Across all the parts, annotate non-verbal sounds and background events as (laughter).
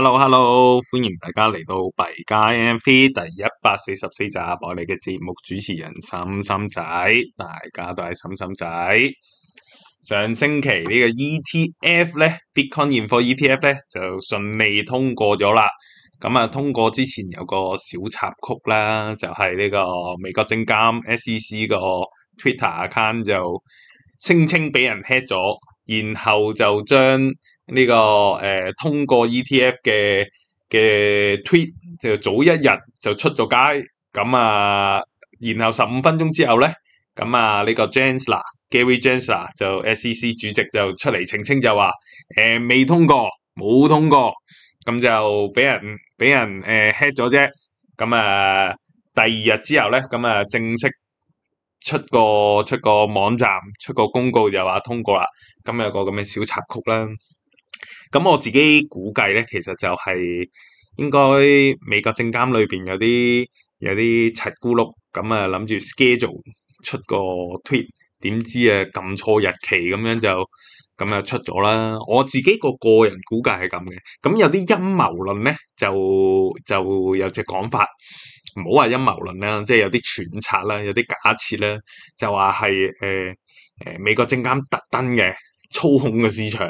Hello Hello，歡迎大家嚟到幣加 NFT 第一百四十四集，我哋嘅節目主持人心心仔，大家都係心心仔。上星期個呢個 E T F 咧，Bitcoin 現貨 E T F 咧就順利通過咗啦。咁啊，通過之前有個小插曲啦，就係、是、呢個美國證監 S E C 個 Twitter account 就聲稱俾人 hack 咗。然後就將呢、這個誒、呃、通過 ETF 嘅嘅 tweet 就早一日就出咗街，咁啊，然後十五分鐘之後咧，咁啊呢、這個 Gensler Gary Gensler 就 SEC 主席就出嚟澄清就話誒未通過，冇通過，咁就俾人俾人誒 hit 咗啫，咁、呃、啊第二日之後咧，咁啊正式。出個出個網站，出個公告又話通過啦。咁有個咁嘅小插曲啦。咁我自己估計咧，其實就係應該美國證監裏邊有啲有啲柒咕碌，咁啊諗住 schedule 出個 tweet，點知啊撳錯日期咁樣就咁啊出咗啦。我自己個個人估計係咁嘅。咁有啲陰謀論咧，就就有隻講法。唔好話陰謀論啦，即係有啲揣測啦，有啲假設咧，就話係誒誒美國證監特登嘅操控嘅市場，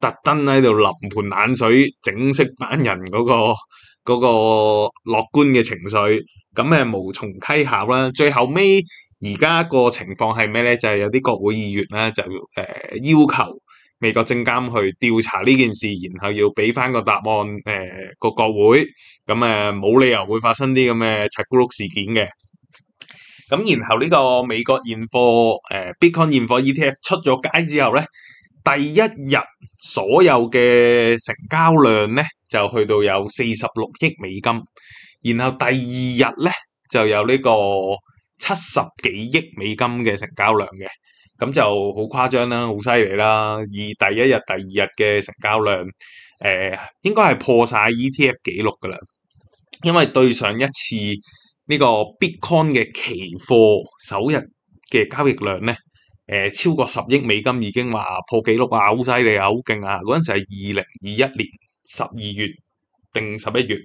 特登喺度淋盆冷水，整熄班人嗰、嗰個嗰、嗰個樂觀嘅情緒，咁咧無從稽考啦。最後尾而家個情況係咩咧？就係、是、有啲國會議員咧就誒、呃、要求。美國證監去調查呢件事，然後要俾翻個答案，誒、呃、個國會，咁誒冇理由會發生啲咁嘅柒咕碌事件嘅。咁然後呢個美國現貨誒 Bitcoin 現貨 ETF 出咗街之後咧，第一日所有嘅成交量咧就去到有四十六億美金，然後第二日咧就有呢個七十幾億美金嘅成交量嘅。咁就好誇張啦，好犀利啦！而第一日、第二日嘅成交量，誒、呃、應該係破晒 ETF 記錄㗎啦。因為對上一次呢、呢個 Bitcoin 嘅期貨首日嘅交易量咧，誒、呃、超過十億美金已經話破記錄啊，好犀利啊，好勁啊！嗰陣時係二零二一年十二月定十一月，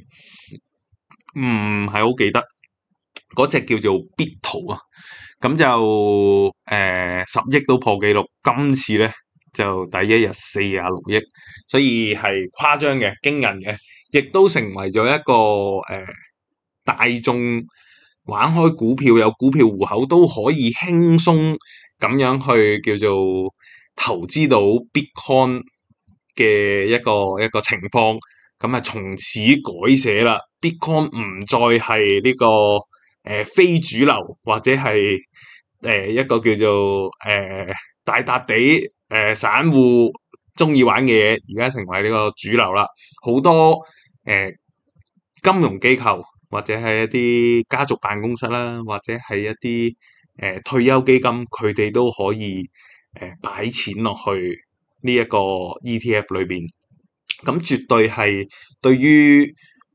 唔係好記得嗰隻叫做 BITO 啊。咁就誒、呃、十億都破紀錄，今次咧就第一日四十六億，所以係誇張嘅、驚人嘅，亦都成為咗一個誒、呃、大眾玩開股票、有股票戶口都可以輕鬆咁樣去叫做投資到 Bitcoin 嘅一個一個情況，咁啊從此改寫啦，Bitcoin 唔再係呢、這個。誒、呃，非主流或者係誒、呃、一個叫做誒、呃、大笪地誒、呃、散戶中意玩嘅嘢，而家成為呢個主流啦。好多誒、呃、金融機構或者係一啲家族辦公室啦，或者係一啲誒、呃、退休基金，佢哋都可以誒擺、呃、錢落去呢一個 ETF 裏邊，咁絕對係對於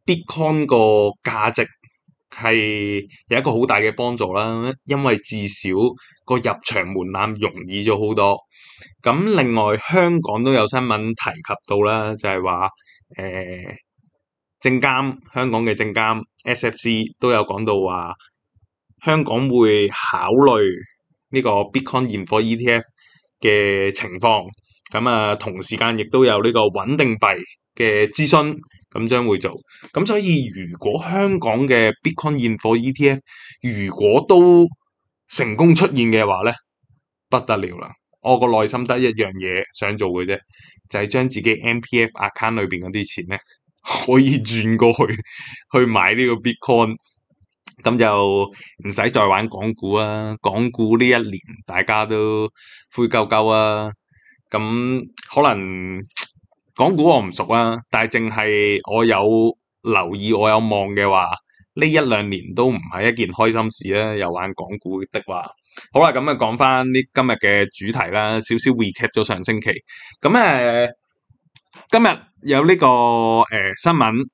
Bitcoin 個價值。係有一個好大嘅幫助啦，因為至少個入場門檻容易咗好多。咁另外香港都有新聞提及到啦，就係話誒，證監香港嘅證監 SFC 都有講到話香港會考慮呢個 Bitcoin 現貨 ETF 嘅情況。咁啊同時間亦都有呢個穩定幣嘅諮詢。咁將會做，咁所以如果香港嘅 Bitcoin 現貨 ETF 如果都成功出現嘅話咧，不得了啦！我個內心得一樣嘢想做嘅啫，就係、是、將自己 MPF account 裏邊嗰啲錢咧，可以轉過去去買呢個 Bitcoin，咁就唔使再玩港股啊！港股呢一年大家都灰鳩鳩啊，咁可能。港股我唔熟啊，但係淨係我有留意，我有望嘅話，呢一兩年都唔係一件開心事啊！又玩港股的話，好啦，咁啊講翻呢今日嘅主題啦，少少 recap 咗上星期，咁誒、呃，今日有呢、這個誒、呃、新聞，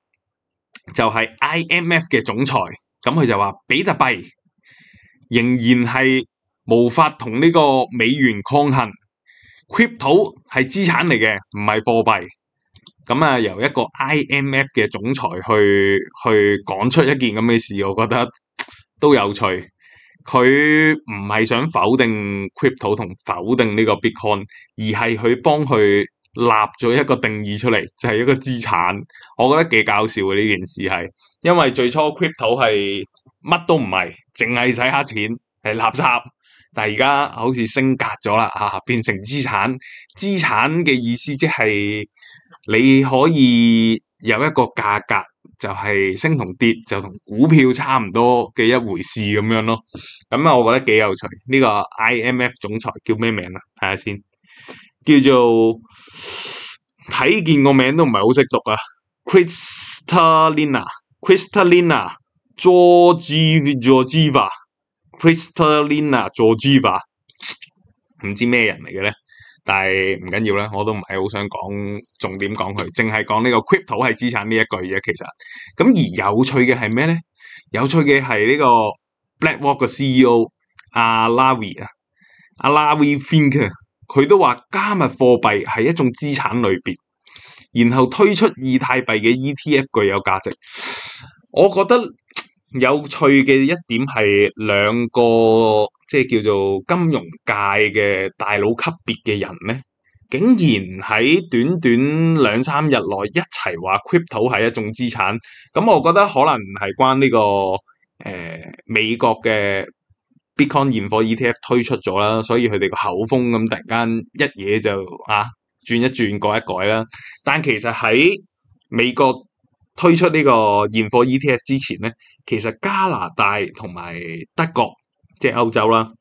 就係、是、IMF 嘅總裁，咁佢就話比特幣仍然係無法同呢個美元抗衡。Crypto 係資產嚟嘅，唔係貨幣。咁啊，由一個 IMF 嘅總裁去去講出一件咁嘅事，我覺得都有趣。佢唔係想否定 Crypto 同否定呢個 Bitcoin，而係佢幫佢立咗一個定義出嚟，就係、係、一個資產。我覺得幾搞笑嘅呢件事係，因為最初 Crypto 係乜都唔係，淨係使黑錢係垃圾。但而家好似升格咗啦，嚇、啊、變成資產。資產嘅意思即係你可以有一個價格，就係、是、升同跌就同股票差唔多嘅一回事咁樣咯。咁、嗯、啊，我覺得幾有趣。呢、這個 IMF 總裁叫咩名啊？睇下先，叫做睇見個名都唔係好識讀啊。Christolina，Christolina，Georgie，Georgieva Kristalina Georgieva 唔知咩人嚟嘅咧？但係唔緊要啦，我都唔係好想講重點，講佢，淨係講呢個 crypto 係資產呢一句啫。其實，咁而有趣嘅係咩咧？有趣嘅係呢個 BlackRock 嘅 CEO 阿 Larry 啊，阿 Larry Fink，佢都話加密貨幣係一種資產類別，然後推出以太幣嘅 ETF 具有價值，我覺得。有趣嘅一點係兩個即係叫做金融界嘅大佬級別嘅人咧，竟然喺短短兩三日內一齊話 crypto 係一種資產。咁、嗯、我覺得可能唔係關呢個誒、呃、美國嘅 Bitcoin 現貨 ETF 推出咗啦，所以佢哋個口風咁突然間一嘢就啊轉一轉改一改啦。但其實喺美國，推出呢個現貨 ETF 之前咧，其實加拿大同埋德國即係歐洲啦，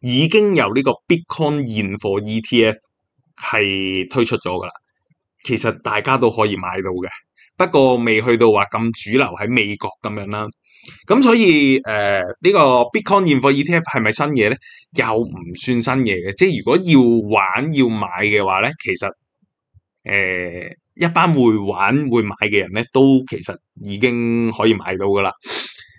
已經有呢個 Bitcoin 現貨 ETF 係推出咗噶啦。其實大家都可以買到嘅，不過未去到話咁主流喺美國咁樣啦。咁所以誒，呃這個、是是呢個 Bitcoin 現貨 ETF 係咪新嘢咧？又唔算新嘢嘅。即係如果要玩要買嘅話咧，其實誒。呃一班會玩會買嘅人咧，都其實已經可以買到噶啦。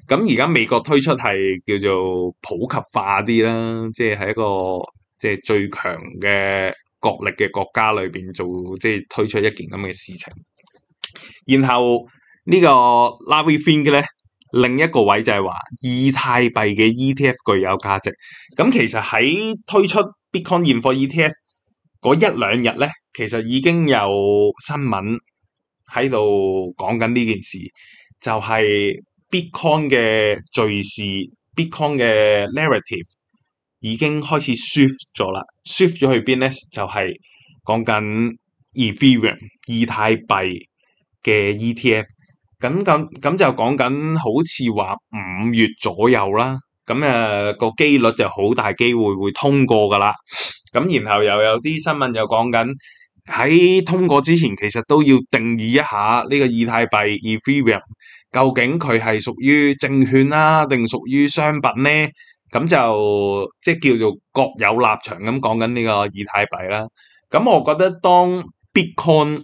咁而家美國推出係叫做普及化啲啦，即係喺一個即係最強嘅國力嘅國家裏邊做，即係推出一件咁嘅事情。然後、這個、呢個 Larry Fink 咧，另一個位就係話，以太幣嘅 ETF 具有價值。咁、嗯、其實喺推出 Bitcoin 現貨 ETF 嗰一兩日咧，其實已經有新聞喺度講緊呢件事，就係、是、Bitcoin 嘅敘事，Bitcoin 嘅 narrative 已經開始 shift 咗啦。Shift 咗去邊咧？就係、是、講緊 Ethereum 以太幣嘅 ETF。咁咁咁就講緊好似話五月左右啦。咁誒、那個機率就好大機會會通過㗎啦。咁然後又有啲新聞又講緊喺通過之前，其實都要定義一下呢個以太幣 Ethereum 究竟佢係屬於證券啦、啊，定屬於商品咧？咁就即係、就是、叫做各有立場咁講緊呢個以太幣啦。咁我覺得當 Bitcoin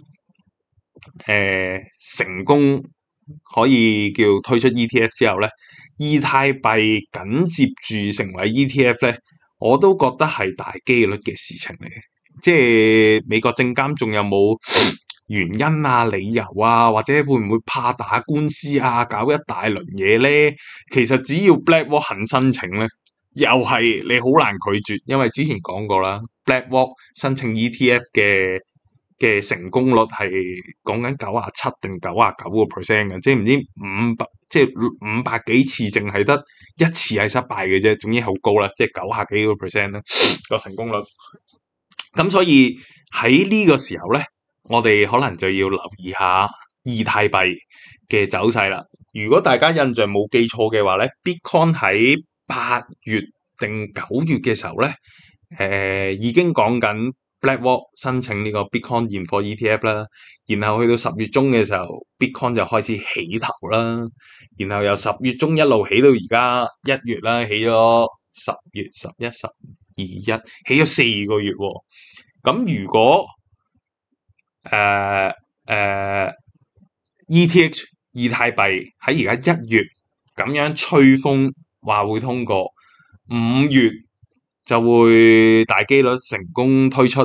誒、呃、成功可以叫推出 ETF 之後咧。以太幣緊接住成為 ETF 咧，我都覺得係大機率嘅事情嚟嘅。即係美國證監仲有冇 (coughs) 原因啊、理由啊，或者會唔會怕打官司啊、搞一大輪嘢咧？其實只要 BlackRock 肯申請咧，又係你好難拒絕，因為之前講過啦，BlackRock 申請 ETF 嘅。嘅成功率係講緊九啊七定九啊九個 percent 嘅，即係唔知五百即係五百幾次，淨係得一次係失敗嘅啫，總之好高啦，即係九啊幾個 percent 啦個成功率。咁 (laughs) 所以喺呢個時候咧，我哋可能就要留意下以太幣嘅走勢啦。如果大家印象冇記錯嘅話咧，Bitcoin 喺八月定九月嘅時候咧，誒、呃、已經講緊。BlackRock 申請呢個 Bitcoin 現貨 ETF 啦，然後去到十月中嘅時候，Bitcoin 就開始起頭啦，然後由十月中一路起到而家一月啦，起咗十月十一十二一，11, 12, 1, 起咗四個月喎、哦。咁如果誒誒、呃呃、ETH 以太幣喺而家一月咁樣吹風，話會通過五月。就會大機率成功推出，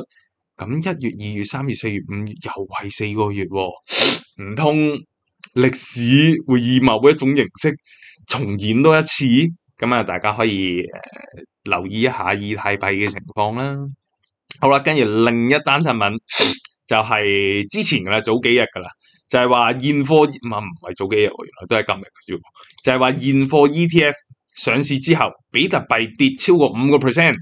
咁一月、二月、三月、四月、五月又係四個月，喎，唔通歷史會以某一種形式重演多一次？咁啊，大家可以，呃、留意一下以太幣嘅情況啦。好啦，跟住另一單新聞就係，是、之前噶啦，早幾日噶啦，就係話現貨，唔係唔係早幾日，原來都係今日嘅啫。就係話現貨 ETF。上市之後，比特幣跌超過五個 percent。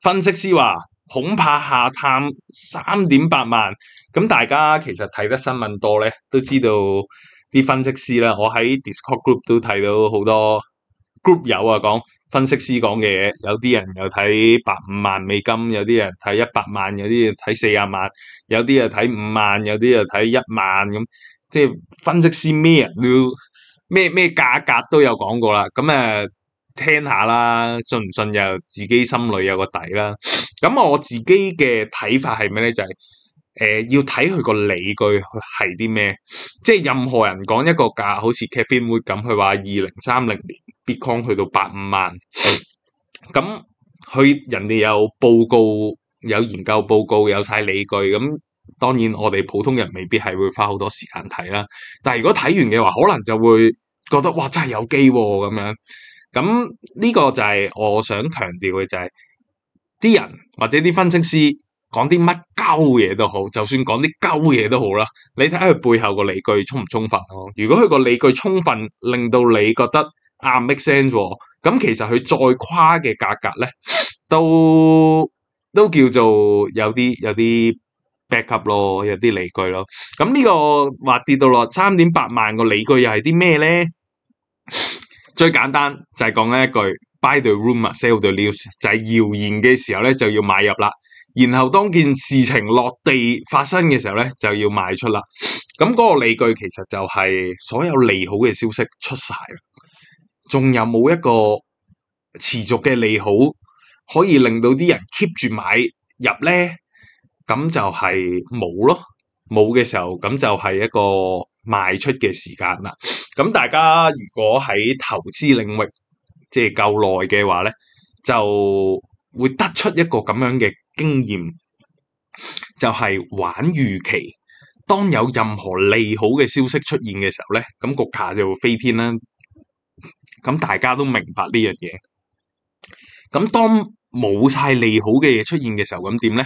分析師話恐怕下探三點八萬。咁大家其實睇得新聞多咧，都知道啲分析師啦。我喺 Discord group 都睇到好多 group 友啊，講分析師講嘅嘢。有啲人又睇百五萬美金，有啲人睇一百萬，有啲人睇四廿萬，有啲又睇五萬，有啲又睇一萬咁。即係分析師咩人都咩咩價格都有講過啦。咁誒。呃聽下啦，信唔信又自己心裏有個底啦。咁我自己嘅睇法係咩咧？就係、是、誒、呃、要睇佢個理據係啲咩，即係任何人講一個價，好似 Captain 妹咁，佢話二零三零年 Bitcoin 去到八五萬，咁佢 (laughs) 人哋有報告、有研究報告、有晒理據，咁當然我哋普通人未必係會花好多時間睇啦。但係如果睇完嘅話，可能就會覺得哇，真係有機喎咁樣。咁呢、嗯這個就係我想強調嘅，就係啲人或者啲分析師講啲乜鳩嘢都好，就算講啲鳩嘢都好啦。你睇下佢背後個理據充唔充分咯、哦？如果佢個理據充分，令到你覺得啱、啊、make sense 喎、哦，咁、嗯、其實佢再誇嘅價格咧，都都叫做有啲有啲 back up 咯，有啲理據咯。咁、嗯、呢、這個話跌到落三點八萬個理據又係啲咩咧？最簡單就係講緊一句，buy the rumor, sell the news，就係、是、謠言嘅時候咧，就要買入啦，然後當件事情落地發生嘅時候咧，就要賣出啦。咁嗰個理據其實就係所有利好嘅消息出晒啦，仲有冇一個持續嘅利好可以令到啲人 keep 住買入咧？咁就係冇咯，冇嘅時候咁就係一個賣出嘅時間啦，咁大家如果喺投資領域即係、就是、夠耐嘅話咧，就會得出一個咁樣嘅經驗，就係、是、玩預期。當有任何利好嘅消息出現嘅時候咧，咁局下就會飛天啦。咁大家都明白呢樣嘢。咁當冇晒利好嘅嘢出現嘅時候，咁點咧？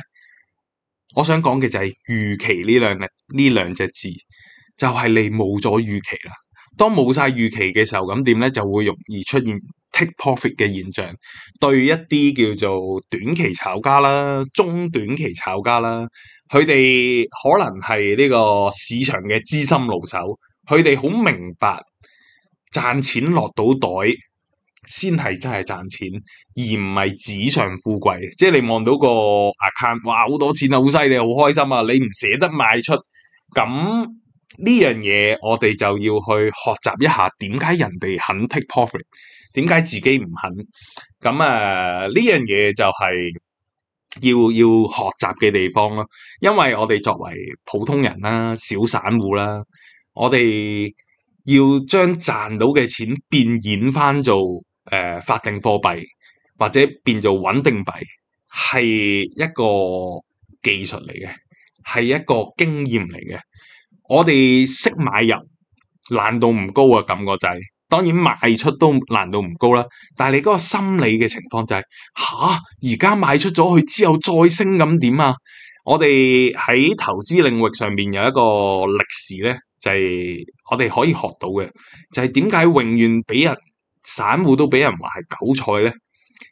我想講嘅就係、是、預期呢兩粒呢兩隻字。就係你冇咗預期啦。當冇晒預期嘅時候，咁點咧？就會容易出現 take profit 嘅現象。對一啲叫做短期炒家啦、中短期炒家啦，佢哋可能係呢個市場嘅資深老手，佢哋好明白賺錢落到袋先係真係賺錢，而唔係紙上富貴。即係你望到個 account，哇，好多錢啊，好犀利，好開心啊！你唔捨得賣出咁。呢樣嘢我哋就要去學習一下點解人哋肯 take profit，點解自己唔肯？咁啊，呢樣嘢就係要要學習嘅地方咯。因為我哋作為普通人啦、啊、小散戶啦、啊，我哋要將賺到嘅錢變現翻做誒、呃、法定貨幣或者變做穩定幣，係一個技術嚟嘅，係一個經驗嚟嘅。我哋識買入難度唔高啊。感覺就係，當然賣出都難度唔高啦。但係你嗰個心理嘅情況就係，吓，而家賣出咗去之後再升咁點啊？我哋喺投資領域上面有一個歷史咧，就係我哋可以學到嘅，就係點解永遠俾人散戶都俾人話係韭菜咧？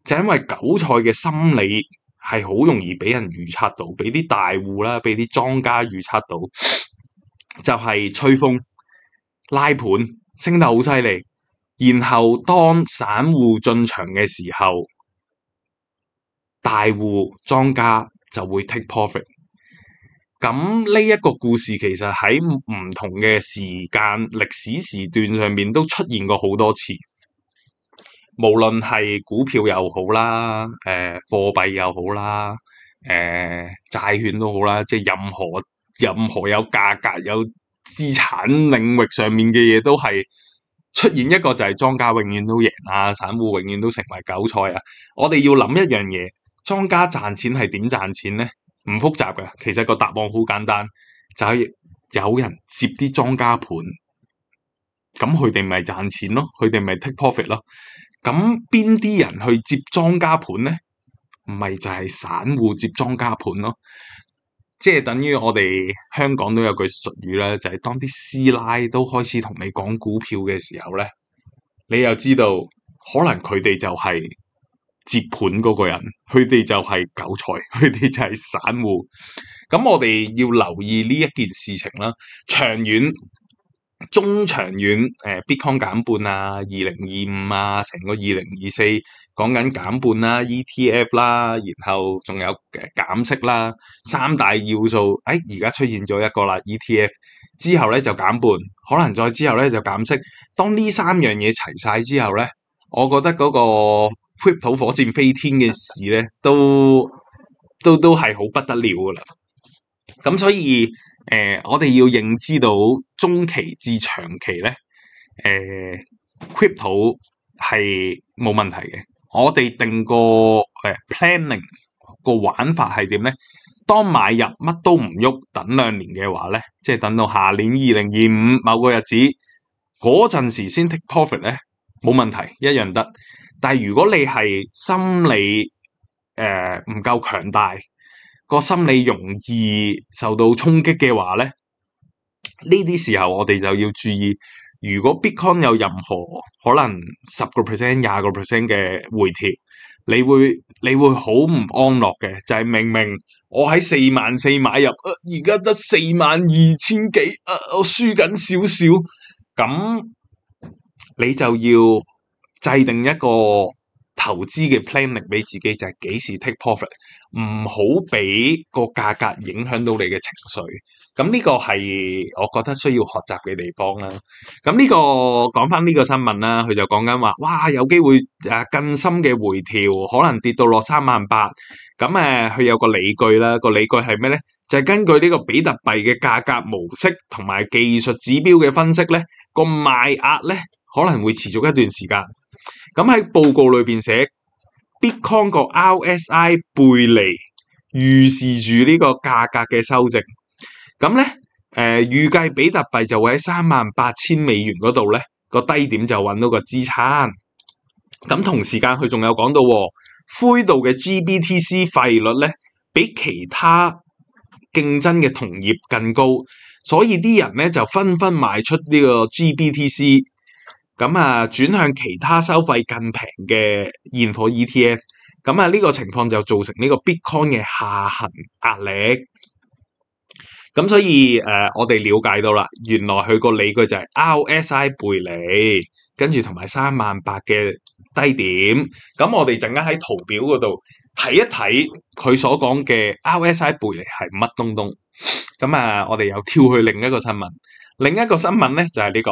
就係因為韭菜嘅心理係好容易俾人預測到，俾啲大戶啦，俾啲莊家預測到。就係吹風拉盤升得好犀利，然後當散戶進場嘅時候，大戶莊家就會 take profit。咁呢一個故事其實喺唔同嘅時間歷史時段上面都出現過好多次，無論係股票又好啦，誒貨幣又好啦，誒、呃、債券都好啦，即係任何。任何有價格有資產領域上面嘅嘢，都係出現一個就係莊家永遠都贏啊，散戶永遠都成為韭菜啊。我哋要諗一樣嘢，莊家賺錢係點賺錢呢？唔複雜嘅，其實個答案好簡單，就係、是、有人接啲莊家盤，咁佢哋咪賺錢咯，佢哋咪 take profit 咯。咁邊啲人去接莊家盤呢？唔係就係、是、散戶接莊家盤咯。即係等於我哋香港都有句俗語啦，就係、是、當啲師奶都開始同你講股票嘅時候咧，你又知道可能佢哋就係接盤嗰個人，佢哋就係韭菜，佢哋就係散戶。咁我哋要留意呢一件事情啦，長遠。中長遠誒、呃，Bitcoin 減半啊，二零二五啊，成個二零二四講緊減半啦，ETF 啦，然後仲有誒減息啦，三大要素，誒而家出現咗一個啦，ETF 之後咧就減半，可能再之後咧就減息。當呢三樣嘢齊晒之後咧，我覺得嗰個 Crypto 火箭飛天嘅事咧，都都都係好不得了噶啦。咁所以。誒、呃，我哋要認知到中期至長期咧，誒 crypto 係冇問題嘅。我哋定個誒、呃、planning 個玩法係點咧？當買入乜都唔喐，等兩年嘅話咧，即係等到下年二零二五某個日子陣時先 take profit 咧，冇問題，一樣得。但係如果你係心理誒唔、呃、夠強大。個心理容易受到衝擊嘅話咧，呢啲時候我哋就要注意。如果 Bitcoin 有任何可能十個 percent、廿個 percent 嘅回調，你會你會好唔安樂嘅。就係明明我喺四萬四買入，而家得四萬二千幾，啊，我輸緊少少，咁你就要制定一個投資嘅 planning 俾自己，就係幾時 take profit。唔好俾個價格影響到你嘅情緒，咁呢個係我覺得需要學習嘅地方啦。咁呢個講翻呢個新聞啦，佢就講緊話，哇，有機會誒更深嘅回調，可能跌到落三萬八。咁誒佢有個理據啦，個理據係咩咧？就係根據呢個比特幣嘅價格模式同埋技術指標嘅分析咧，個賣壓咧可能會持續一段時間。咁喺報告裏邊寫。Bitcoin 個 RSI 背離預示住呢個價格嘅收值。咁咧誒預計比特幣就會喺三萬八千美元嗰度咧，個低點就揾到個支撐。咁同時間佢仲有講到，灰度嘅 GBTC 費率咧比其他競爭嘅同業更高，所以啲人咧就紛紛賣出呢個 GBTC。咁啊，轉向其他收費更平嘅現貨 ETF，咁啊呢個情況就造成呢個 Bitcoin 嘅下行壓力。咁所以誒、呃，我哋了解到啦，原來佢個理據就係 RSI 背離，跟住同埋三萬八嘅低點。咁我哋陣間喺圖表嗰度睇一睇佢所講嘅 RSI 背離係乜東東。咁啊，我哋又跳去另一個新聞，另一個新聞咧就係呢個。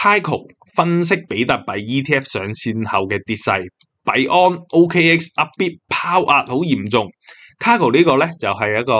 Cago 分析比特幣 ETF 上線後嘅跌勢，幣安 OKX A p 一啲拋壓好嚴重。Cago 呢個咧就係、是、一個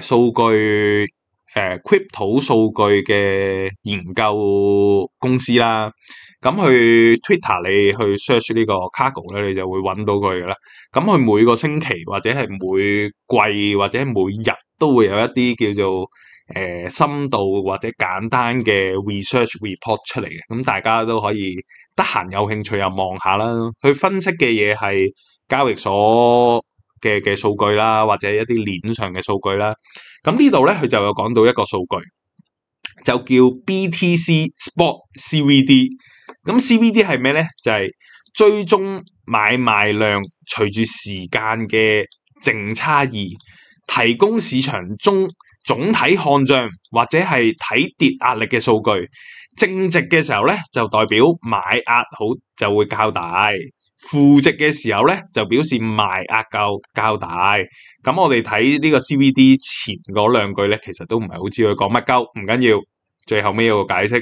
誒數、呃、據誒、呃、Crypto 數據嘅研究公司啦。咁去 Twitter 你去 search 呢個 Cago 咧，你就會揾到佢噶啦。咁佢每個星期或者係每季或者每日都會有一啲叫做。誒、呃、深度或者簡單嘅 research report 出嚟嘅，咁、嗯、大家都可以得閒有，有興趣又望下啦。佢分析嘅嘢係交易所嘅嘅數據啦，或者一啲鏈上嘅數據啦。咁、嗯、呢度咧佢就有講到一個數據，就叫 BTC spot CVD。咁 CVD 係咩咧？就係、是、追蹤買賣量隨住時間嘅淨差異，提供市場中。總體看漲或者係睇跌壓力嘅數據，正值嘅時候咧，就代表買壓好就會較大；負值嘅時候咧，就表示賣壓較較大。咁我哋睇呢個 CVD 前嗰兩句咧，其實都唔係好知佢講乜鳩，唔緊要。最後尾有個解釋，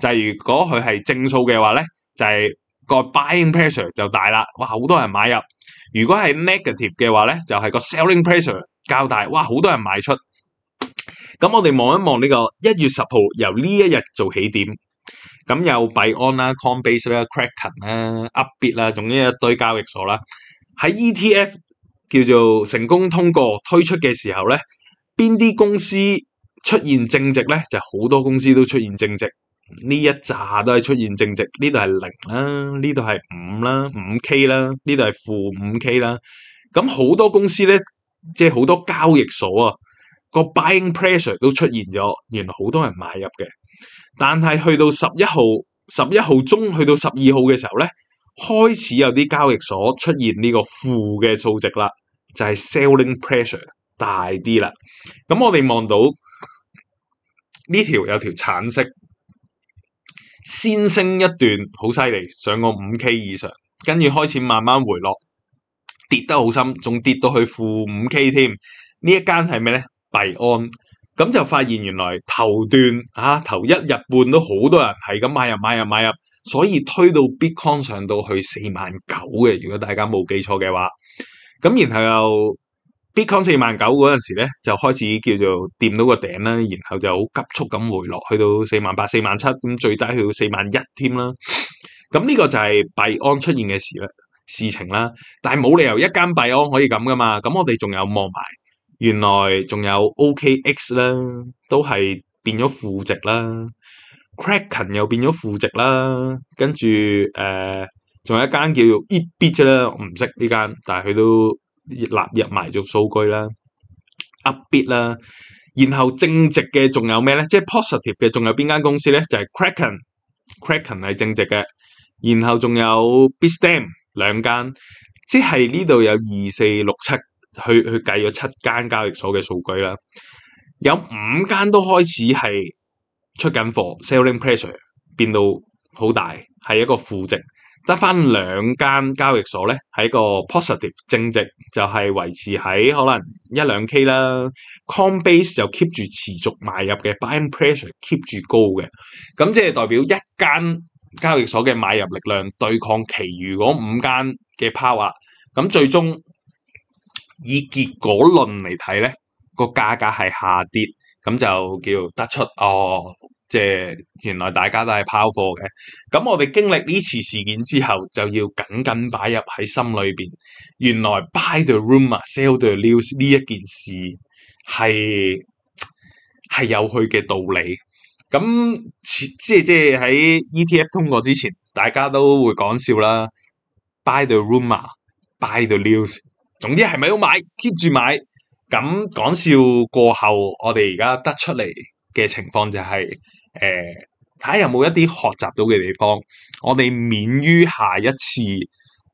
就係、是、如果佢係正數嘅話咧，就係、是、個 buying pressure 就大啦，哇，好多人買入；如果係 negative 嘅話咧，就係、是、個 selling pressure 較大，哇，好多人賣出。咁我哋望一望呢個一月十號，由呢一日做起點，咁有幣安啦、Coinbase 啦、Kraken 啦、Upbit 啦，總之一堆交易所啦，喺 ETF 叫做成功通過推出嘅時候咧，邊啲公司出現正值咧？就好多公司都出現正值，呢一扎都係出現正值。呢度係零啦，呢度係五啦，五 K 啦，呢度係負五 K 啦。咁好多公司咧，即係好多交易所啊！個 buying pressure 都出現咗，原來好多人買入嘅。但係去到十一號、十一號中去到十二號嘅時候咧，開始有啲交易所出現呢個負嘅數值啦，就係、是、selling pressure 大啲啦。咁、嗯、我哋望到呢條有條橙色，先升一段好犀利，上個五 K 以上，跟住開始慢慢回落，跌得好深，仲跌到去負五 K 添。呢一間係咩咧？幣安咁就發現原來頭段啊頭一日半都好多人係咁買入買入買入,買入，所以推到 Bitcoin 上到去四萬九嘅，如果大家冇記錯嘅話，咁然後又 Bitcoin 四萬九嗰陣時咧就開始叫做掂到個頂啦，然後就好急速咁回落去到四萬八、四萬七，咁最低去到四萬一添啦。咁呢個就係幣安出現嘅事啦、事情啦，但係冇理由一間幣安可以咁㗎嘛。咁我哋仲有望埋。原來仲有 OKX、OK、啦，都係變咗負值啦，Kraken 又變咗負值啦，跟住，誒，仲、呃、有一間叫做 Ebit 嘅啦，我唔識呢間，但係佢都納入埋咗數據啦，Upbit 啦，然後正值嘅仲有咩咧？即係 positive 嘅仲有邊間公司咧？就係 Kraken，Kraken 係正值嘅，然後仲有 Bitstamp 兩間，即係呢度有二四六七。去去計咗七間交易所嘅數據啦，有五間都開始係出緊貨，selling pressure 變到好大，係一個負值，得翻兩間交易所咧係一個 positive 正值，就係、是、維持喺可能一兩 k 啦，Coinbase 就 keep 住持續買入嘅 buying pressure keep 住高嘅，咁即係代表一間交易所嘅買入力量對抗其餘嗰五間嘅 Power。咁最終。以結果論嚟睇咧，個價格係下跌，咁就叫得出哦。即係原來大家都係拋貨嘅。咁我哋經歷呢次事件之後，就要緊緊擺入喺心裏邊。原來 buy the rumor, sell the news 呢一件事係係有佢嘅道理。咁即係即係喺 ETF 通過之前，大家都會講笑啦。Buy the rumor, buy the news。總之係咪要買 keep 住買？咁講笑過後，我哋而家得出嚟嘅情況就係、是，誒、呃、睇下有冇一啲學習到嘅地方，我哋免於下一次，誒、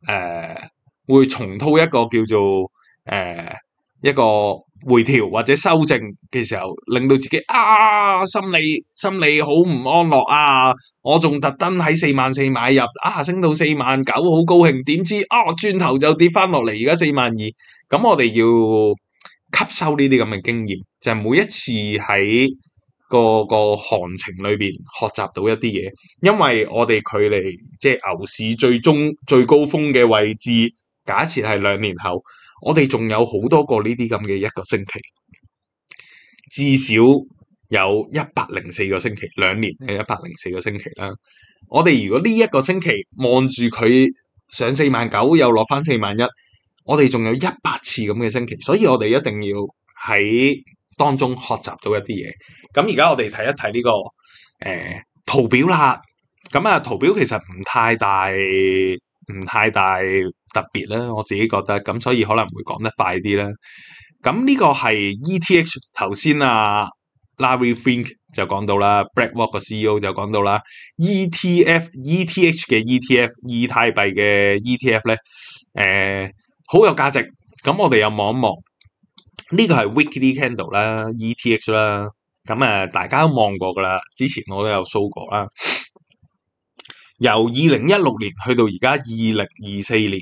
呃、會重蹈一個叫做，誒、呃、一個。回調或者修正嘅時候，令到自己啊心理心理好唔安樂啊！我仲特登喺四萬四買入，啊升到四萬九，好高興，點知啊轉頭就跌翻落嚟，而家四萬二。咁我哋要吸收呢啲咁嘅經驗，就係每一次喺個個行情裏邊學習到一啲嘢，因為我哋距離即係牛市最終最高峰嘅位置，假設係兩年後。我哋仲有好多個呢啲咁嘅一個星期，至少有一百零四個星期，兩年嘅一百零四個星期啦。我哋如果呢一個星期望住佢上四萬九，又落翻四萬一，我哋仲有一百次咁嘅星期，所以我哋一定要喺當中學習到一啲嘢。咁而家我哋睇一睇呢、呢個誒、呃、圖表啦。咁啊，圖表其實唔太大，唔太大。特別咧，我自己覺得咁，所以可能會講得快啲、啊 e 呃這個、啦。咁呢個係 ETH 頭先啊 Larry Fink 就講到啦，BlackRock 嘅 CEO 就講到啦，ETF ETH 嘅 ETF 以太幣嘅 ETF 咧，誒好有價值。咁我哋又望一望呢個係 Weekly Candle 啦，ETH 啦。咁誒、啊、大家都望過噶啦，之前我都有 show 過啦。由二零一六年去到而家二零二四年。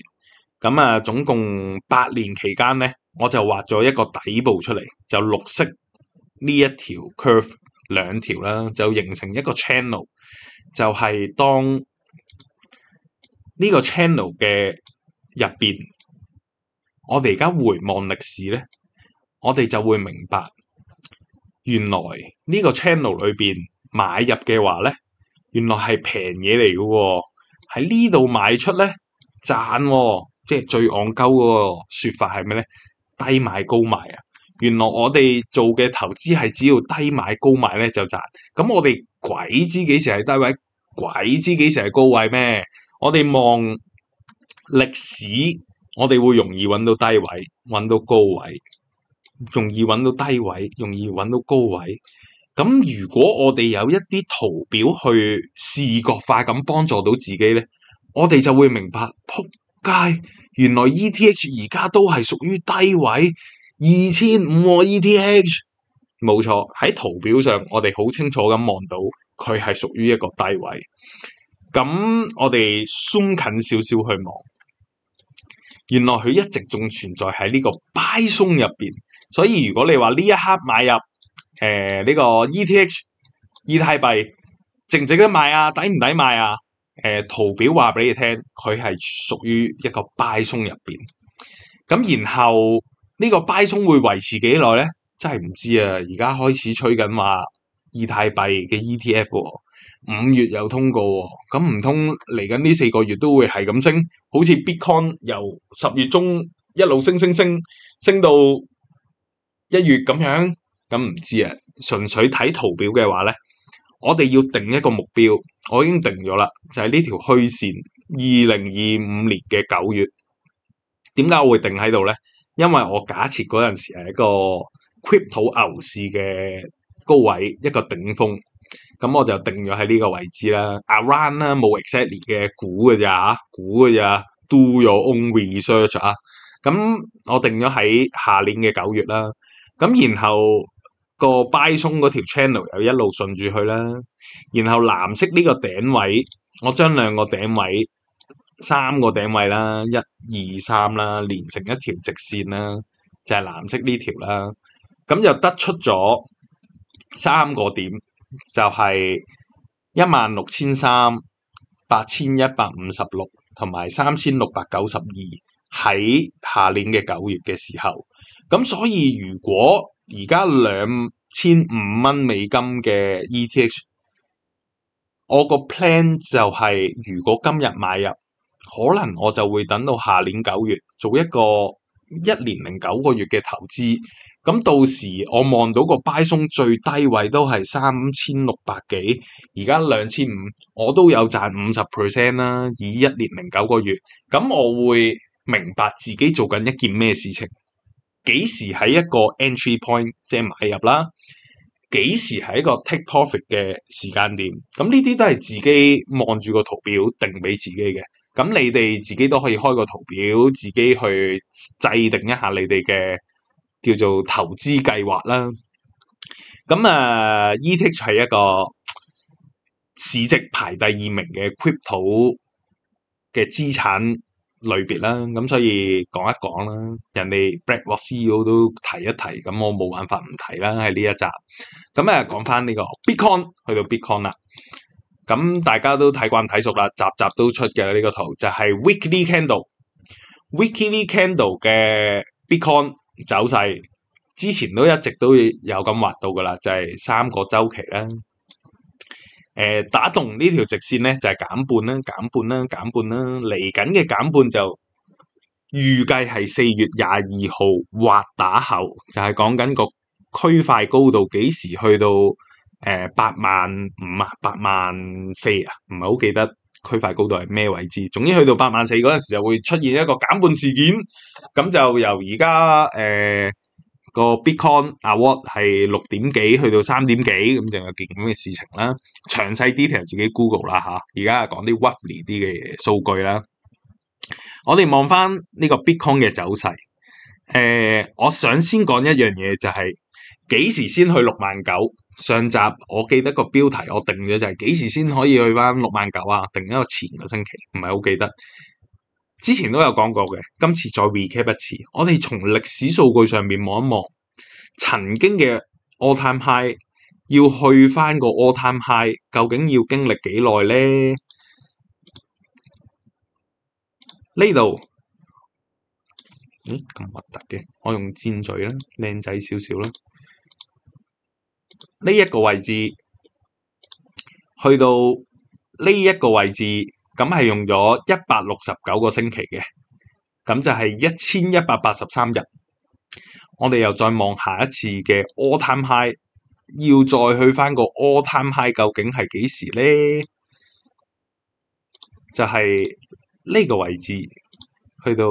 咁啊，總共八年期間呢，我就畫咗一個底部出嚟，就綠色呢一條 curve 兩條啦，就形成一個 channel。就係當呢個 channel 嘅入邊，我哋而家回望歷史咧，我哋就會明白原來呢個 channel 裏邊買入嘅話咧，原來係平嘢嚟嘅喎。喺呢度賣出咧，賺喎。賺啊。即係最戇鳩嗰個說法係咩咧？低買高賣啊！原來我哋做嘅投資係只要低買高賣咧就賺。咁我哋鬼知幾時係低位，鬼知幾時係高位咩？我哋望歷史，我哋會容易搵到低位，搵到高位，容易搵到低位，容易搵到高位。咁如果我哋有一啲圖表去視覺化咁幫助到自己咧，我哋就會明白扑。街原來 ETH 而家都係屬於低位，二千五 ETH，冇錯，喺圖表上，我哋好清楚咁望到佢係屬於一個低位。咁、嗯、我哋 zoom 近少少去望，原來佢一直仲存在喺呢個 buy zone 入邊。所以如果你話呢一刻買入，誒、呃、呢、呢個 ETH 以太幣值唔值得買啊？抵唔抵買啊？誒、呃，圖表話俾你聽，佢係屬於一個 Buy 衝入邊，咁然後呢個 Buy 衝會維持幾耐咧？真係唔知啊！而家開始吹緊話以太幣嘅 ETF 喎，五月有通過喎，咁唔通嚟緊呢四個月都會係咁升？好似 Bitcoin 由十月中一路升升升，升到一月咁樣，咁、嗯、唔知啊！純粹睇圖表嘅話咧。我哋要定一個目標，我已經定咗啦，就係呢條虛線，二零二五年嘅九月。點解我會定喺度咧？因為我假設嗰陣時係一個 crypto 牛市嘅高位，一個頂峰。咁我就定咗喺呢個位置啦。Around 啦、exactly，冇 exactly 嘅估嘅咋，嚇，估嘅咋，Do your own research 啊。咁我定咗喺下年嘅九月啦。咁然後。個 Buy 松嗰條 channel 又一路順住去啦，然後藍色呢個頂位，我將兩個頂位、三個頂位啦，一、二、三啦，連成一條直線啦，就係、是、藍色呢條啦。咁又得出咗三個點，就係一萬六千三百八千一百五十六，同埋三千六百九十二喺下年嘅九月嘅時候。咁所以如果而家兩千五蚊美金嘅 ETH，我個 plan 就係如果今日買入，可能我就會等到下年九月做一個一年零九個月嘅投資。咁到時我望到個 buy zone 最低位都係三千六百幾，而家兩千五，我都有賺五十 percent 啦。以一年零九個月，咁我會明白自己做緊一件咩事情。幾時喺一個 entry point 即係買入啦？幾時係一個 take profit 嘅時間點？咁呢啲都係自己望住個圖表定俾自己嘅。咁你哋自己都可以開個圖表，自己去制定一下你哋嘅叫做投資計劃啦。咁啊、uh, ETH 係一個市值排第二名嘅 crypto 嘅資產。類別啦，咁所以講一講啦，人哋 BlackRock CEO 都提一提，咁我冇辦法唔提啦，喺呢一集。咁誒講翻呢個 Bitcoin 去到 Bitcoin 啦，咁大家都睇慣睇熟啦，集集都出嘅呢個圖就係 Weekly Candle，Weekly Candle 嘅 Bitcoin 走勢，之前都一直都有咁畫到噶啦，就係三個週期啦。誒、呃，打戙呢條直線咧就係、是、減半啦，減半啦，減半啦。嚟緊嘅減半就預計係四月廿二號或打後，就係講緊個區塊高度幾時去到誒、呃、八萬五啊，八萬四啊，唔係好記得區塊高度係咩位置。總之去到八萬四嗰陣時就會出現一個減半事件，咁就由而家誒。呃個 Bitcoin Award 係六點幾去到三點幾咁，就有件咁嘅事情啦。詳細 detail 自己 Google 啦吓，而家係講啲 roughly 啲嘅數據啦。我哋望翻呢個 Bitcoin 嘅走勢。誒、呃，我想先講一樣嘢就係、是、幾時先去六萬九？上集我記得個標題我定咗就係幾時先可以去翻六萬九啊？定喺個前個星期，唔係好記得。之前都有講過嘅，今次再 recall 不遲。我哋從歷史數據上面望一望，曾經嘅 a l 派要去返個 a l 派，究竟要經歷幾耐咧？呢度，嗯咁核突嘅，我用箭嘴啦，靚仔少少啦。呢一個位置去到呢一個位置。咁係用咗一百六十九個星期嘅，咁就係一千一百八十三日。我哋又再望下一次嘅 All Time High，要再去翻個 All Time High 究竟係幾時咧？就係呢個位置去到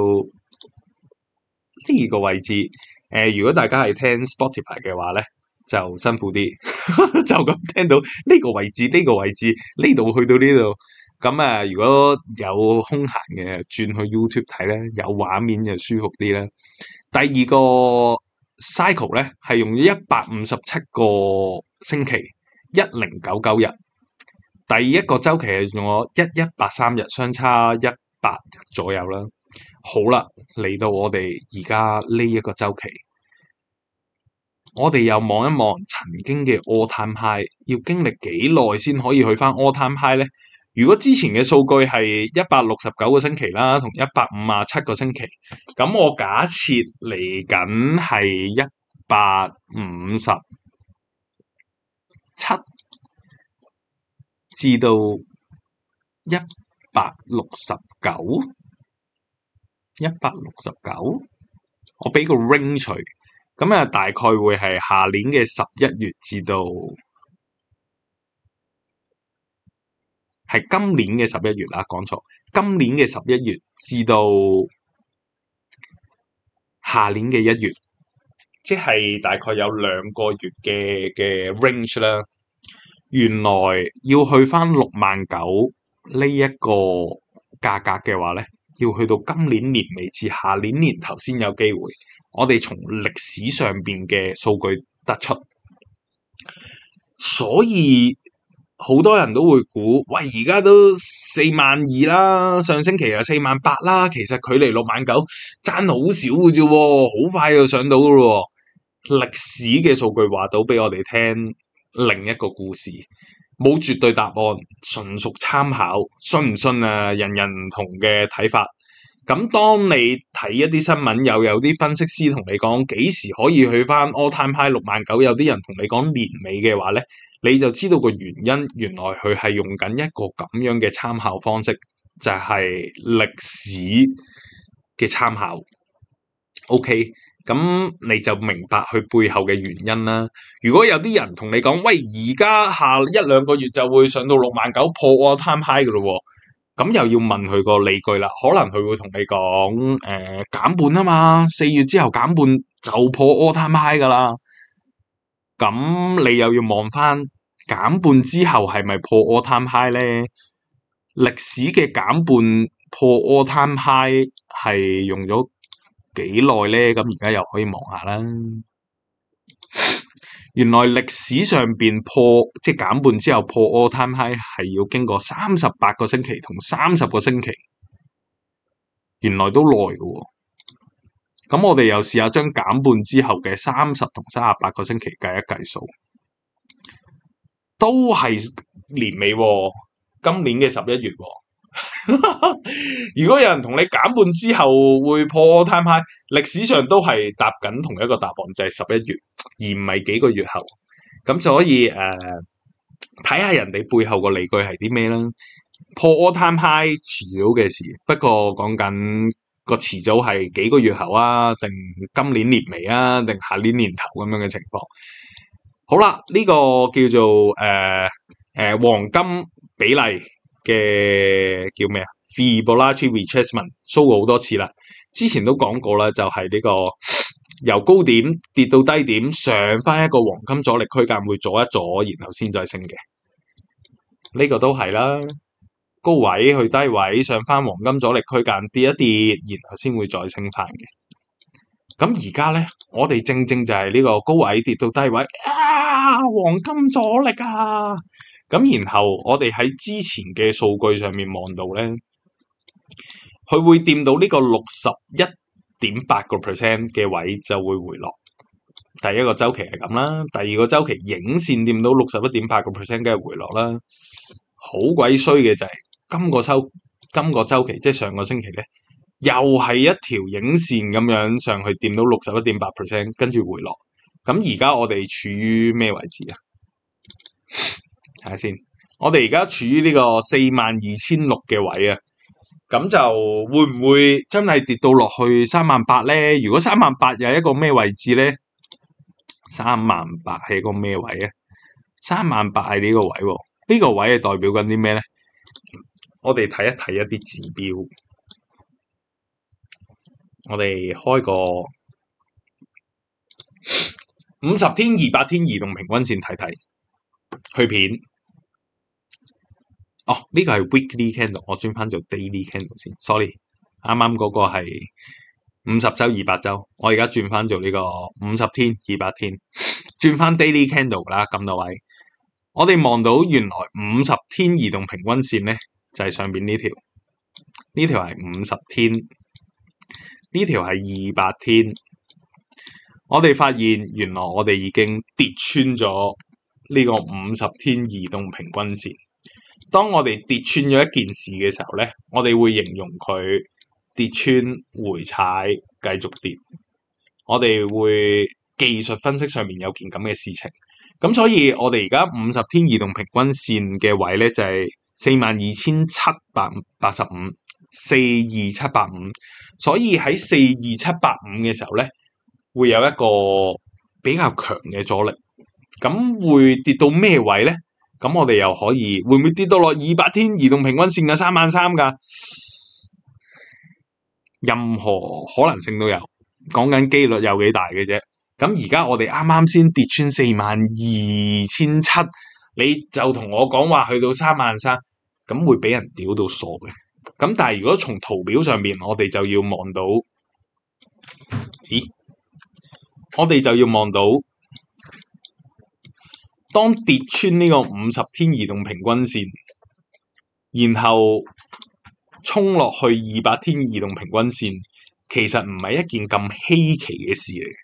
呢個位置。誒、呃，如果大家係聽 Spotify 嘅話咧，就辛苦啲， (laughs) 就咁聽到呢個位置，呢個位置，呢度，去到呢度。咁誒，如果有空閒嘅，轉去 YouTube 睇咧，有畫面就舒服啲啦。第二個 cycle 咧，係用咗一百五十七個星期，一零九九日。第一個周期係用咗一一八三日，相差一百日左右啦。好啦，嚟到我哋而家呢一個周期，我哋又望一望曾經嘅 all time high，要經歷幾耐先可以去返 all time high 咧？如果之前嘅數據係一百六十九個星期啦，同一百五啊七個星期，咁我假設嚟緊係一百五十七至到一百六十九，一百六十九，我畀個 range，咁啊，大概會係下年嘅十一月至到。係今年嘅十一月啦，講錯。今年嘅十一月至到下年嘅一月，即係大概有兩個月嘅嘅 range 啦。原來要去返六萬九呢一個價格嘅話咧，要去到今年年尾至下年年頭先有機會。我哋從歷史上面嘅數據得出，所以。好多人都會估，喂，而家都四萬二啦，上星期又四萬八啦，其實距離六萬九爭好少嘅啫，好快就上到嘅咯。歷史嘅數據話到俾我哋聽，另一個故事冇絕對答案，純屬參考，信唔信啊？人人唔同嘅睇法。咁當你睇一啲新聞，又有啲分析師同你講幾時可以去返 All Time High 六萬九，有啲人同你講年尾嘅話咧。你就知道個原因，原來佢係用緊一個咁樣嘅參考方式，就係、是、歷史嘅參考。OK，咁你就明白佢背後嘅原因啦。如果有啲人同你講，喂，而家下一兩個月就會上到六萬九破 all time high 嘅咯，咁又要問佢個理據啦。可能佢會同你講，誒、呃、減半啊嘛，四月之後減半就破 all time high 噶啦。咁你又要望返，減半之後係咪破 all time high 呢？歷史嘅減半破 all time high 係用咗幾耐呢？咁而家又可以望下啦。原來歷史上邊破即係減半之後破 all time high 係要經過三十八個星期同三十個星期，原來都耐嘅喎。咁我哋又試下將減半之後嘅三十同三十八個星期計一計數，都係年尾喎，哦，今年嘅十一月，哦。 (laughs) 如果有人同你減半之後會破 all-time high，歷史上都係答緊同一個答案，就係十一月，而唔係幾個月後。咁所以誒，睇、呃、下人哋背後個理據係啲咩啦。破 all-time high 遲早嘅事，不過講緊。個遲早係幾個月後啊，定今年年尾啊，定下年年頭咁樣嘅情況。好啦，呢、這個叫做誒誒、呃呃、黃金比例嘅叫咩啊？Fibonacci retracement show 過好多次啦，之前都講過啦，就係、是、呢、這個由高點跌到低點，上返一個黃金阻力區間會阻一阻，然後先再升嘅。呢、這個都係啦。高位去低位，上翻黃金阻力區間跌一跌，然後先會再升翻嘅。咁而家咧，我哋正正就係呢個高位跌到低位啊，黃金阻力啊。咁然後我哋喺之前嘅數據上面望到咧，佢會掂到呢個六十一點八個 percent 嘅位就會回落。第一個周期係咁啦，第二個周期影線掂到六十一點八個 percent 嘅回落啦。好鬼衰嘅就係、是。今個週，今個週期即係上個星期咧，又係一條影線咁樣上去，掂到六十一點八 percent，跟住回落。咁而家我哋處於咩位置啊？睇下先，我哋而家處於呢個四萬二千六嘅位啊。咁就會唔會真係跌到落去三萬八咧？如果三萬八係一個咩位置咧？三萬八係一個咩位啊？三萬八係呢個位喎，呢個位係代表緊啲咩咧？我哋睇一睇一啲指標，我哋開個五十天、二百天移動平均線睇睇。去片哦，呢個係 weekly candle，我轉返做 daily candle 先。sorry，啱啱嗰個係五十週、二百週，我而家轉返做呢個五十天、二百天，轉返 daily candle 啦。咁多位，我哋望到原來五十天移動平均線呢。就係上邊呢條，呢條係五十天，呢條係二百天。我哋發現原來我哋已經跌穿咗呢個五十天移動平均線。當我哋跌穿咗一件事嘅時候咧，我哋會形容佢跌穿回踩，繼續跌。我哋會技術分析上面有件咁嘅事情，咁所以我哋而家五十天移動平均線嘅位咧就係、是。四萬二千七百八十五，四二七八五，所以喺四二七八五嘅時候咧，會有一個比較強嘅阻力，咁會跌到咩位咧？咁我哋又可以會唔會跌到落二百天移動平均線噶三萬三噶？任何可能性都有，講緊幾率有幾大嘅啫。咁而家我哋啱啱先跌穿四萬二千七，你就同我講話去到三萬三。咁會俾人屌到傻嘅。咁但係如果從圖表上面，我哋就要望到，咦？我哋就要望到，當跌穿呢個五十天移動平均線，然後衝落去二百天移動平均線，其實唔係一件咁稀奇嘅事嚟嘅。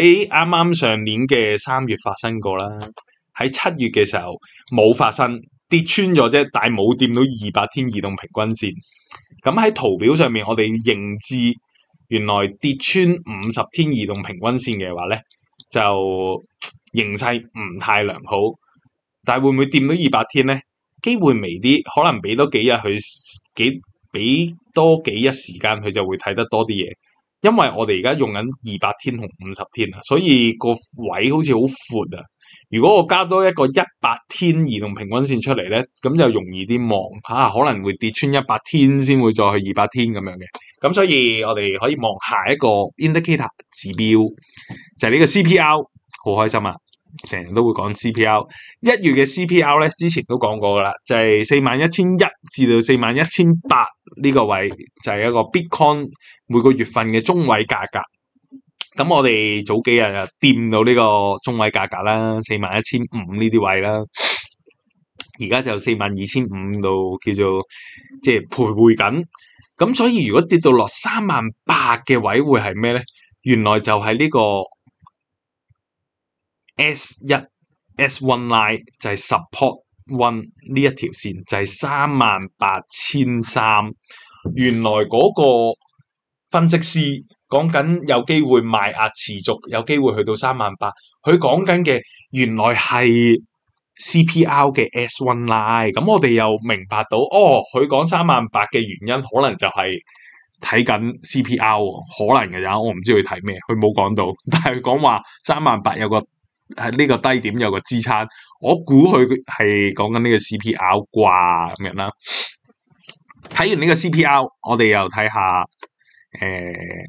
喺啱啱上年嘅三月發生過啦，喺七月嘅時候冇發生。跌穿咗啫，但係冇掂到二百天移動平均線。咁喺圖表上面，我哋認知原來跌穿五十天移動平均線嘅話咧，就形勢唔太良好。但係會唔會掂到二百天咧？機會微啲，可能俾多幾日佢幾俾多幾日時間佢就會睇得多啲嘢。因為我哋而家用緊二百天同五十天啊，所以個位好似好闊啊。如果我加多一個一百天移動平均線出嚟咧，咁就容易啲望下，可能會跌穿一百天先會再去二百天咁樣嘅。咁所以我哋可以望下一個 indicator 指標，就係呢個 CPL，好開心啊！成日都會講 CPL，一月嘅 CPL 咧，之前都講過噶啦，就係四萬一千一至到四萬一千八呢個位，就係一個 Bitcoin 每個月份嘅中位價格。咁我哋早幾日啊，掂到呢個中位價格啦，四萬一千五呢啲位啦，而家就四萬二千五度，叫做即係、就是、徘徊緊。咁所以如果跌到落三萬八嘅位，會係咩咧？原來就係呢個 S 一 S one line 就係 support one 呢一條線，就係三萬八千三。原來嗰個分析師，講緊有機會賣壓持續，有機會去到三萬八。佢講緊嘅原來係 CPR 嘅 S one line。咁我哋又明白到，哦，佢講三萬八嘅原因可能就係睇緊 CPR，可能嘅咋？我唔知佢睇咩，佢冇講到。但係佢講話三萬八有個喺呢、呢個低點有個支撐，我估佢係講緊呢個 CPR 啩。咁樣啦。睇完呢個 CPR 我哋又睇下誒。呃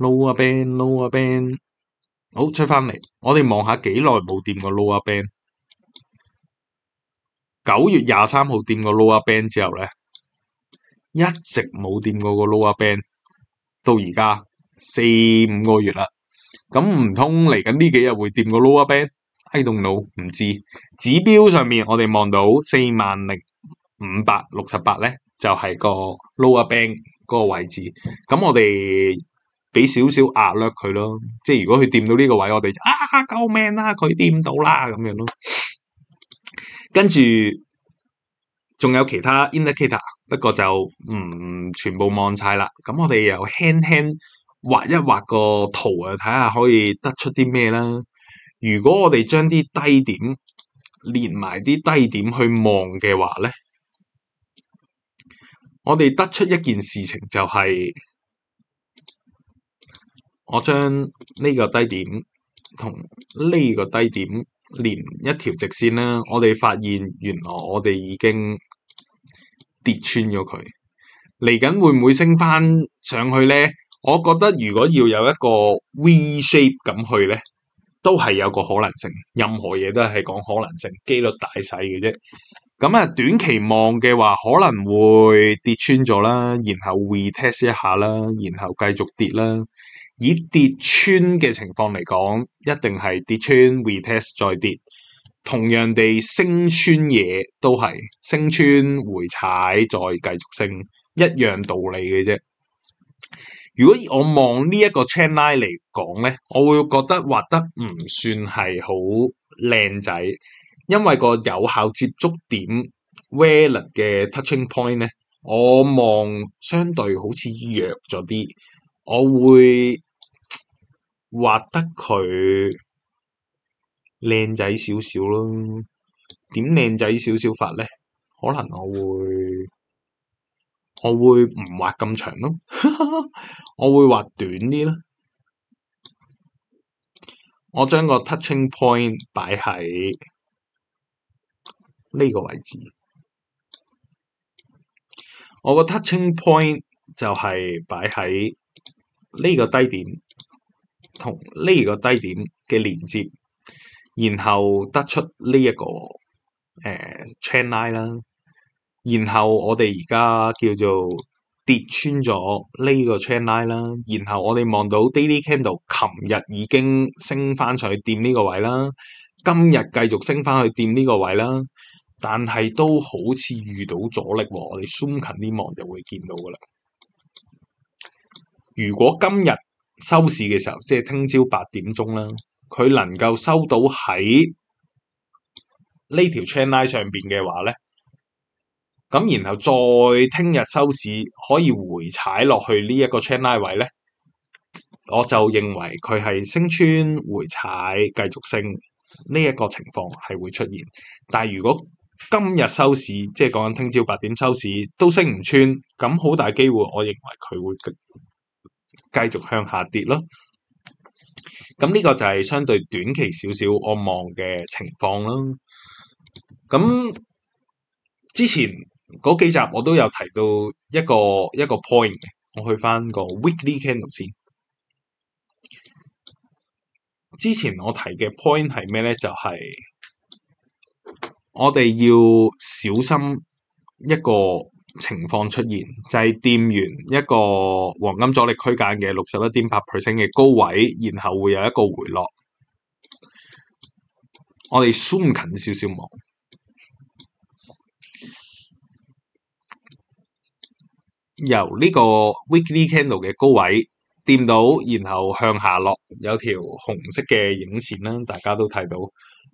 lower band lower band 好出返嚟，我哋望下幾耐冇掂過 lower band。九月廿三號掂過 lower band 之後咧，一直冇掂過個 lower band 到而家四五個月啦。咁唔通嚟緊呢幾日會掂過 lower band？開動腦唔知。指標上面我哋望到四萬零五百六十八咧，就係個 lower band 嗰個位置。咁我哋。俾少少壓力佢咯，即係如果佢掂到呢個位，我哋就啊救命啦、啊！佢掂到啦咁樣咯。跟住仲有其他 indicator，不過就唔、嗯、全部望晒啦。咁我哋又輕輕畫一畫個圖啊，睇下可以得出啲咩啦。如果我哋將啲低點連埋啲低點去望嘅話咧，我哋得出一件事情就係、是。我將呢個低點同呢個低點連一條直線啦。我哋發現原來我哋已經跌穿咗佢。嚟緊會唔會升翻上去咧？我覺得如果要有一個 V shape 咁去咧，都係有個可能性。任何嘢都係講可能性，機率大細嘅啫。咁啊，短期望嘅話，可能會跌穿咗啦，然後 retest 一下啦，然後繼續跌啦。以跌穿嘅情況嚟講，一定係跌穿 retest 再跌。同樣地升，升穿嘢都係升穿回踩再繼續升，一樣道理嘅啫。如果以我望 line 呢一個 channel 嚟講咧，我會覺得畫得唔算係好靚仔，因為個有效接觸點 valid 嘅 touching point 咧，我望相對好似弱咗啲，我會。畫得佢靚仔少少咯，點靚仔少少法咧？可能我會我會唔畫咁長咯， (laughs) 我會畫短啲啦。我將個 touching point 擺喺呢個位置，我個 touching point 就係擺喺呢個低點。同呢個低點嘅連接，然後得出呢、這、一個誒 trend、呃、line 啦，然後我哋而家叫做跌穿咗呢個 trend line 啦，然後我哋望到 daily candle 琴日已經升翻上去掂呢個位啦，今日繼續升翻去掂呢個位啦，但係都好似遇到阻力喎，我哋 zoom 近啲望就會見到噶啦。如果今日收市嘅時候，即係聽朝八點鐘啦，佢能夠收到喺呢條 channel line 上邊嘅話呢，咁然後再聽日收市可以回踩落去呢一個 channel line 位呢。我就認為佢係升穿回踩繼續升呢一個情況係會出現。但係如果今日收市，即係講緊聽朝八點收市都升唔穿，咁好大機會，我認為佢會。繼續向下跌咯，咁呢個就係相對短期少少我望嘅情況啦。咁之前嗰幾集我都有提到一個一個 point 嘅，我去翻個 weekly candle 先。之前我提嘅 point 係咩咧？就係、是、我哋要小心一個。情況出現就係、是、掂完一個黃金阻力區間嘅六十一點八 percent 嘅高位，然後會有一個回落。我哋 zoom 近少少望，由呢個 weekly candle 嘅高位掂到，然後向下落，有條紅色嘅影線啦，大家都睇到。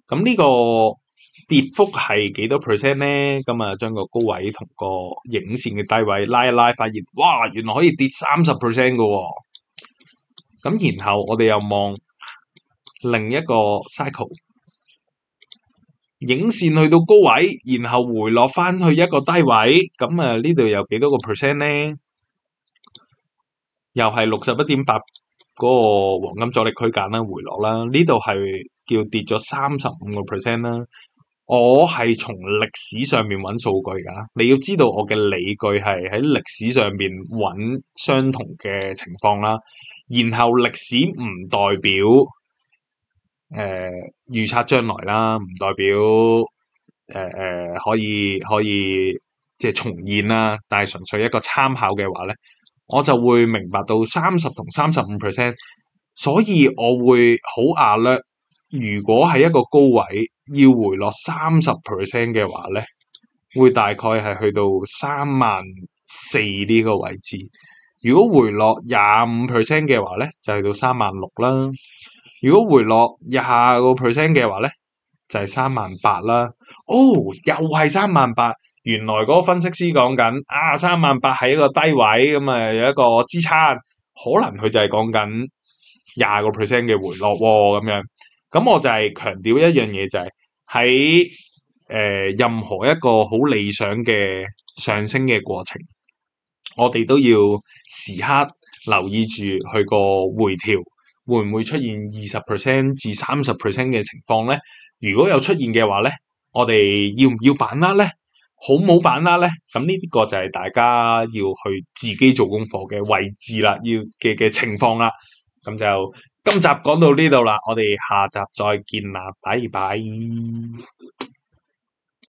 咁呢、這個跌幅係幾多 percent 咧？咁啊，將個高位同個影線嘅低位拉一拉，發現哇，原來可以跌三十 percent 㗎喎。咁然後我哋又望另一個 cycle，影線去到高位，然後回落返去一個低位。咁啊，呢度有幾多個 percent 咧？又係六十一點八嗰個黃金阻力區間啦，回落啦。呢度係叫跌咗三十五個 percent 啦。我係從歷史上面揾數據噶，你要知道我嘅理據係喺歷史上面揾相同嘅情況啦，然後歷史唔代表誒、呃、預測將來啦，唔代表誒誒、呃、可以可以即係重現啦，但係純粹一個參考嘅話咧，我就會明白到三十同三十五 percent，所以我會好壓力，如果係一個高位。要回落三十 percent 嘅話咧，會大概係去到三萬四呢個位置。如果回落廿五 percent 嘅話咧，就去到三萬六啦。如果回落廿個 percent 嘅話咧，就係三萬八啦。哦，又係三萬八。原來個分析師講緊啊，三萬八係一個低位咁啊，有一個支撐，可能佢就係講緊廿個 percent 嘅回落喎，咁樣。咁我就係強調一樣嘢就係。喺誒、呃、任何一個好理想嘅上升嘅過程，我哋都要時刻留意住佢個回調會唔會出現二十 percent 至三十 percent 嘅情況咧？如果有出現嘅話咧，我哋要唔要把握咧？好冇把握咧？咁呢啲個就係大家要去自己做功課嘅位置啦，要嘅嘅情況啦，咁就。今集講到呢度啦，我哋下集再見啦，拜拜。